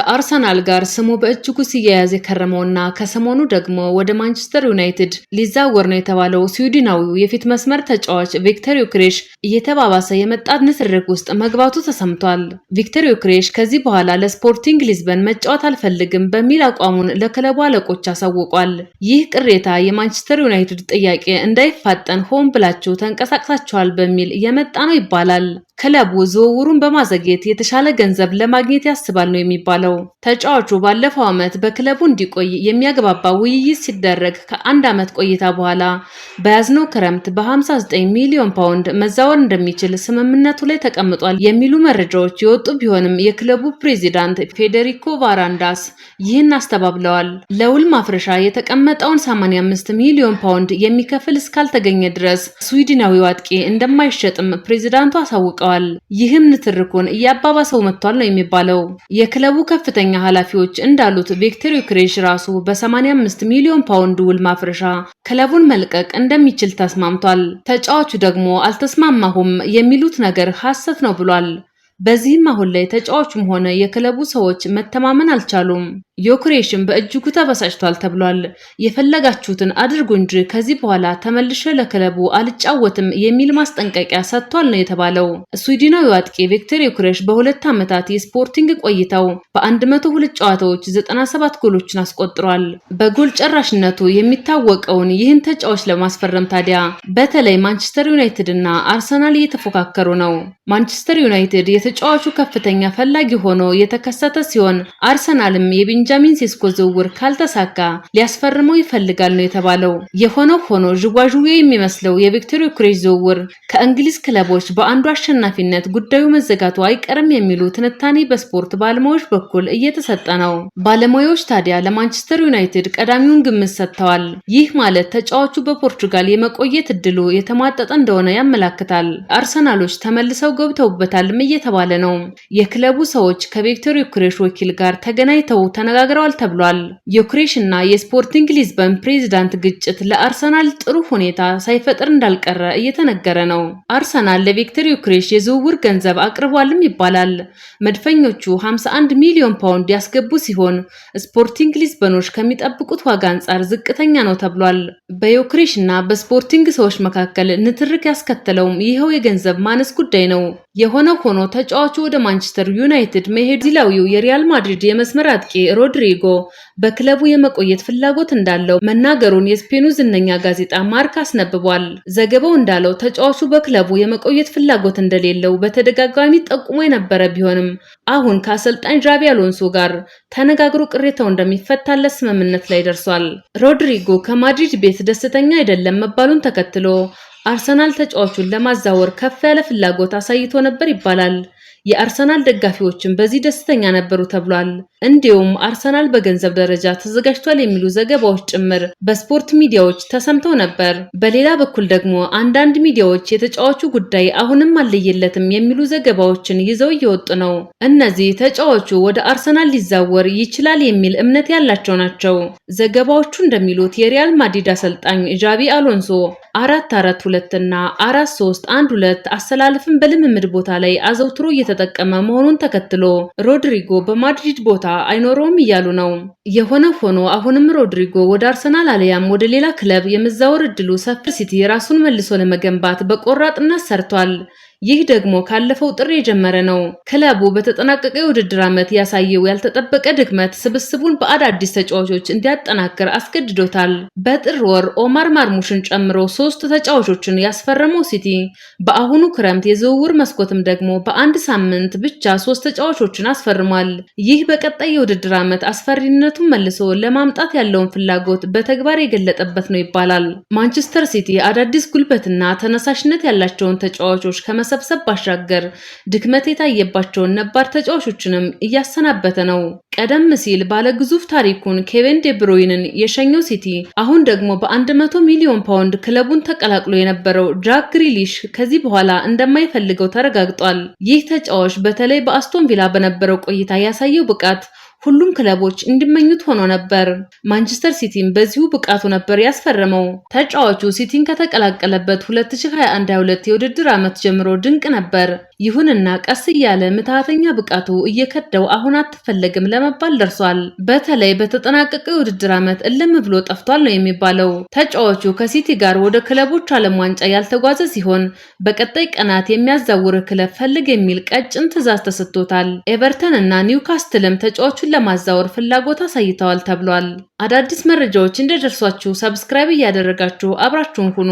ከአርሰናል ጋር ስሙ በእጅጉ ሲያያዝ የከረመውና ከሰሞኑ ደግሞ ወደ ማንቸስተር ዩናይትድ ሊዛወር ነው የተባለው ስዊድናዊው የፊት መስመር ተጫዋች ቪክተር ዩክሬሽ እየተባባሰ የመጣት ንትርክ ውስጥ መግባቱ ተሰምቷል። ቪክተር ዩክሬሽ ከዚህ በኋላ ለስፖርቲንግ ሊዝበን መጫወት አልፈልግም በሚል አቋሙን ለክለቡ አለቆች አሳውቋል። ይህ ቅሬታ የማንቸስተር ዩናይትድ ጥያቄ እንዳይፋጠን ሆን ብላችሁ ተንቀሳቅሳችኋል በሚል የመጣ ነው ይባላል። ክለቡ ዝውውሩን በማዘግየት የተሻለ ገንዘብ ለማግኘት ያስባል ነው የሚባለው። ነበረው። ተጫዋቹ ባለፈው ዓመት በክለቡ እንዲቆይ የሚያግባባ ውይይት ሲደረግ ከአንድ ዓመት ቆይታ በኋላ በያዝነው ክረምት በ59 ሚሊዮን ፓውንድ መዛወር እንደሚችል ስምምነቱ ላይ ተቀምጧል የሚሉ መረጃዎች የወጡ ቢሆንም የክለቡ ፕሬዚዳንት ፌዴሪኮ ቫራንዳስ ይህን አስተባብለዋል። ለውል ማፍረሻ የተቀመጠውን 85 ሚሊዮን ፓውንድ የሚከፍል እስካልተገኘ ድረስ ስዊድናዊው አጥቂ እንደማይሸጥም ፕሬዚዳንቱ አሳውቀዋል። ይህም ንትርኩን እያባባሰው መጥቷል ነው የሚባለው የክለቡ ከፍተኛ ኃላፊዎች እንዳሉት ቪክቶር ዩክሬሽ ራሱ በ85 ሚሊዮን ፓውንድ ውል ማፍረሻ ክለቡን መልቀቅ እንደሚችል ተስማምቷል። ተጫዋቹ ደግሞ አልተስማማሁም የሚሉት ነገር ሐሰት ነው ብሏል። በዚህም አሁን ላይ ተጫዋቹም ሆነ የክለቡ ሰዎች መተማመን አልቻሉም። ዮክሬሽም በእጅጉ ተበሳጭቷል ተብሏል። የፈለጋችሁትን አድርጉ እንጂ ከዚህ በኋላ ተመልሼ ለክለቡ አልጫወትም የሚል ማስጠንቀቂያ ሰጥቷል ነው የተባለው። ስዊድናዊ አጥቂ ቪክተር ዮክሬሽ በሁለት ዓመታት የስፖርቲንግ ቆይታው በ102 ጨዋታዎች 97 ጎሎችን አስቆጥሯል። በጎል ጨራሽነቱ የሚታወቀውን ይህን ተጫዋች ለማስፈረም ታዲያ በተለይ ማንቸስተር ዩናይትድ እና አርሰናል እየተፎካከሩ ነው። ማንቸስተር ዩናይትድ የተጫዋቹ ከፍተኛ ፈላጊ ሆኖ የተከሰተ ሲሆን አርሰናልም የቢንጃ የቤንጃሚን ሴስኮ ዝውውር ካልተሳካ ሊያስፈርመው ይፈልጋል ነው የተባለው። የሆነ ሆኖ ዥዋዥዌ የሚመስለው የቪክቶር ዮኬሬሽ ዝውውር ከእንግሊዝ ክለቦች በአንዱ አሸናፊነት ጉዳዩ መዘጋቱ አይቀርም የሚሉ ትንታኔ በስፖርት ባለሙያዎች በኩል እየተሰጠ ነው። ባለሙያዎች ታዲያ ለማንቸስተር ዩናይትድ ቀዳሚውን ግምት ሰጥተዋል። ይህ ማለት ተጫዋቹ በፖርቹጋል የመቆየት እድሉ የተሟጠጠ እንደሆነ ያመላክታል። አርሰናሎች ተመልሰው ገብተውበታልም እየተባለ ነው። የክለቡ ሰዎች ከቪክቶር ዮኬሬሽ ወኪል ጋር ተገናኝተው ተና ተነጋግረዋል ተብሏል። ዮክሬሽ እና የስፖርቲንግ ሊዝበን ፕሬዚዳንት ግጭት ለአርሰናል ጥሩ ሁኔታ ሳይፈጥር እንዳልቀረ እየተነገረ ነው። አርሰናል ለቪክተር ዩክሬሽ የዝውውር ገንዘብ አቅርቧልም ይባላል። መድፈኞቹ 51 ሚሊዮን ፓውንድ ያስገቡ ሲሆን ስፖርቲንግ ሊዝበኖች ከሚጠብቁት ዋጋ አንጻር ዝቅተኛ ነው ተብሏል። በዮክሬሽ እና በስፖርቲንግ ሰዎች መካከል ንትርክ ያስከተለውም ይኸው የገንዘብ ማነስ ጉዳይ ነው። የሆነ ሆኖ ተጫዋቹ ወደ ማንቸስተር ዩናይትድ መሄዱ ብራዚላዊው የሪያል ማድሪድ የመስመር አጥቂ ሮድሪጎ በክለቡ የመቆየት ፍላጎት እንዳለው መናገሩን የስፔኑ ዝነኛ ጋዜጣ ማርክ አስነብቧል። ዘገባው እንዳለው ተጫዋቹ በክለቡ የመቆየት ፍላጎት እንደሌለው በተደጋጋሚ ጠቁሞ የነበረ ቢሆንም አሁን ከአሰልጣኝ ጃቢ አሎንሶ ጋር ተነጋግሮ ቅሬታው እንደሚፈታለት ስምምነት ላይ ደርሷል። ሮድሪጎ ከማድሪድ ቤት ደስተኛ አይደለም መባሉን ተከትሎ አርሰናል ተጫዋቹን ለማዛወር ከፍ ያለ ፍላጎት አሳይቶ ነበር ይባላል። የአርሰናል ደጋፊዎችም በዚህ ደስተኛ ነበሩ ተብሏል። እንዲሁም አርሰናል በገንዘብ ደረጃ ተዘጋጅቷል የሚሉ ዘገባዎች ጭምር በስፖርት ሚዲያዎች ተሰምተው ነበር። በሌላ በኩል ደግሞ አንዳንድ ሚዲያዎች የተጫዋቹ ጉዳይ አሁንም አልለየለትም የሚሉ ዘገባዎችን ይዘው እየወጡ ነው። እነዚህ ተጫዋቹ ወደ አርሰናል ሊዛወር ይችላል የሚል እምነት ያላቸው ናቸው። ዘገባዎቹ እንደሚሉት የሪያል ማድሪድ አሰልጣኝ ዣቢ አሎንሶ አራት አራት ሁለት እና አራት ሶስት አንድ ሁለት አሰላለፍን በልምምድ ቦታ ላይ አዘውትሮ እየተ እየተጠቀመ መሆኑን ተከትሎ ሮድሪጎ በማድሪድ ቦታ አይኖረውም እያሉ ነው። የሆነ ሆኖ አሁንም ሮድሪጎ ወደ አርሰናል አልያም ወደ ሌላ ክለብ የመዛወር እድሉ ሰፍር ሲቲ ራሱን መልሶ ለመገንባት በቆራጥነት ሰርቷል። ይህ ደግሞ ካለፈው ጥር የጀመረ ነው። ክለቡ በተጠናቀቀ የውድድር ዓመት ያሳየው ያልተጠበቀ ድክመት ስብስቡን በአዳዲስ ተጫዋቾች እንዲያጠናክር አስገድዶታል። በጥር ወር ኦማር ማርሙሽን ጨምሮ ሶስት ተጫዋቾችን ያስፈረመው ሲቲ በአሁኑ ክረምት የዝውውር መስኮትም ደግሞ በአንድ ሳምንት ብቻ ሶስት ተጫዋቾችን አስፈርሟል። ይህ በቀጣይ የውድድር ዓመት አስፈሪነቱን መልሶ ለማምጣት ያለውን ፍላጎት በተግባር የገለጠበት ነው ይባላል። ማንቸስተር ሲቲ አዳዲስ ጉልበትና ተነሳሽነት ያላቸውን ተጫዋቾች ከመ ከማሰብሰብ ባሻገር ድክመት የታየባቸውን ነባር ተጫዋቾችንም እያሰናበተ ነው። ቀደም ሲል ባለ ግዙፍ ታሪኩን ኬቬን ዴብሮይንን የሸኘው ሲቲ አሁን ደግሞ በ100 ሚሊዮን ፓውንድ ክለቡን ተቀላቅሎ የነበረው ጃክ ግሪሊሽ ከዚህ በኋላ እንደማይፈልገው ተረጋግጧል። ይህ ተጫዋች በተለይ በአስቶን ቪላ በነበረው ቆይታ ያሳየው ብቃት ሁሉም ክለቦች እንዲመኙት ሆኖ ነበር። ማንቸስተር ሲቲም በዚሁ ብቃቱ ነበር ያስፈረመው። ተጫዋቹ ሲቲን ከተቀላቀለበት 2021/22 የውድድር ዓመት ጀምሮ ድንቅ ነበር። ይሁንና ቀስ እያለ ምትሃተኛ ብቃቱ እየከደው አሁን አትፈለግም ለመባል ደርሷል። በተለይ በተጠናቀቀው የውድድር ዓመት እልም ብሎ ጠፍቷል ነው የሚባለው። ተጫዋቹ ከሲቲ ጋር ወደ ክለቦች ዓለም ዋንጫ ያልተጓዘ ሲሆን በቀጣይ ቀናት የሚያዛውር ክለብ ፈልግ የሚል ቀጭን ትዕዛዝ ተሰጥቶታል። ኤቨርተን እና ኒውካስትልም ተጫዋቹን ለማዛወር ፍላጎት አሳይተዋል ተብሏል። አዳዲስ መረጃዎች እንደደርሷችሁ ሰብስክራይብ እያደረጋችሁ አብራችሁን ሁኑ።